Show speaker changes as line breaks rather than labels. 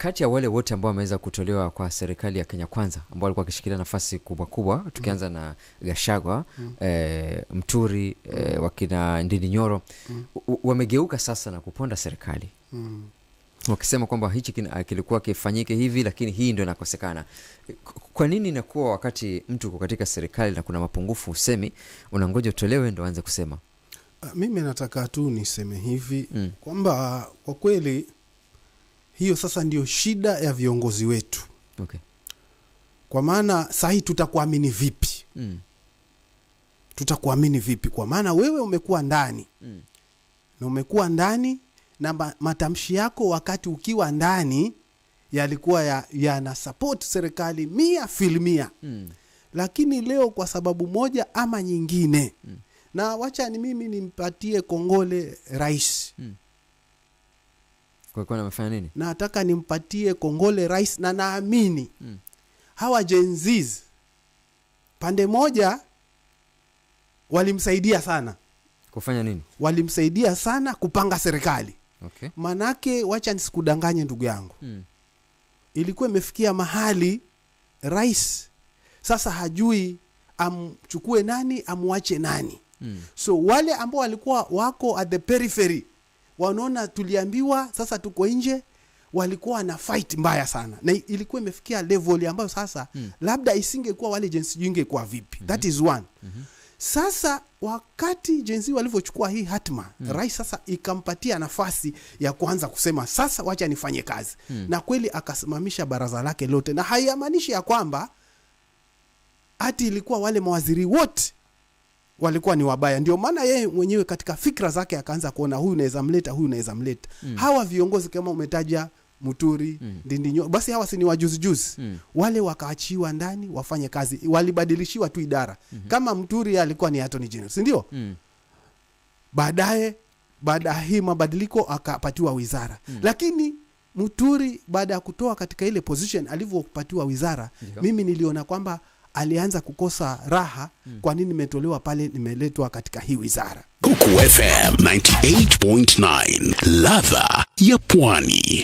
kati ya wale wote ambao wameweza kutolewa kwa serikali ya Kenya Kwanza ambao walikuwa wakishikilia nafasi kubwa kubwa, tukianza mm. na eh, Gashagwa eh, mm. e, Mturi e, wakina Ndindi Nyoro mm. wamegeuka sasa na kuponda serikali mm. wakisema kwamba hichi kilikuwa kifanyike hivi, lakini hii ndio inakosekana. Kwa nini inakuwa wakati mtu uko katika serikali na kuna mapungufu usemi, unangoja utolewe ndo anze kusema?
Ah, mimi nataka tu niseme hivi mm. kwamba kwa kweli hiyo sasa ndio shida ya viongozi wetu okay. Kwa maana sahii tutakuamini vipi? mm. Tutakuamini vipi? Kwa maana wewe umekuwa ndani mm. na umekuwa ndani na matamshi yako wakati ukiwa ndani yalikuwa yana ya support serikali mia filmia mm. Lakini leo kwa sababu moja ama nyingine mm. na wacha ni mimi nimpatie kongole rais mm
kwa nini
nataka nimpatie kongole rais na naamini mm. hawa jenzis pande moja walimsaidia sana kufanya nini walimsaidia sana kupanga serikali okay. manake wacha nisikudanganye ndugu yangu mm. ilikuwa imefikia mahali rais sasa hajui amchukue nani amwache nani mm. so wale ambao walikuwa wako at the periphery wanaona tuliambiwa, sasa tuko nje. Walikuwa wana fight mbaya sana, na ilikuwa imefikia level ambayo sasa mm. labda isingekuwa wale jinsi ingekuwa vipi? mm -hmm. that is one mm -hmm. Sasa wakati jensi walivyochukua hii hatma mm. Rais sasa ikampatia nafasi ya kuanza kusema sasa, wacha nifanye kazi mm. na kweli akasimamisha baraza lake lote, na haiamanishi ya kwamba hati ilikuwa wale mawaziri wote walikuwa ni wabaya. Ndio maana yeye mwenyewe katika fikra zake akaanza kuona huyu naweza mleta, huyu naweza mleta. Mm. Hawa viongozi kama umetaja Muturi, mm. Ndindinyo, basi hawa si ni wajuzijuzi mm. Wale wakaachiwa ndani wafanye kazi, walibadilishiwa tu idara mm -hmm. Kama mturi alikuwa ni atoni general, si ndio? mm. Baadaye, baada ya hii mabadiliko akapatiwa wizara mm. Lakini Muturi baada ya kutoa katika ile position alivyopatiwa wizara, Ndiyo. mimi niliona kwamba alianza kukosa raha, hmm. kwa nini nimetolewa pale, nimeletwa katika hii wizara. Coco FM 98.9 ladha ya pwani.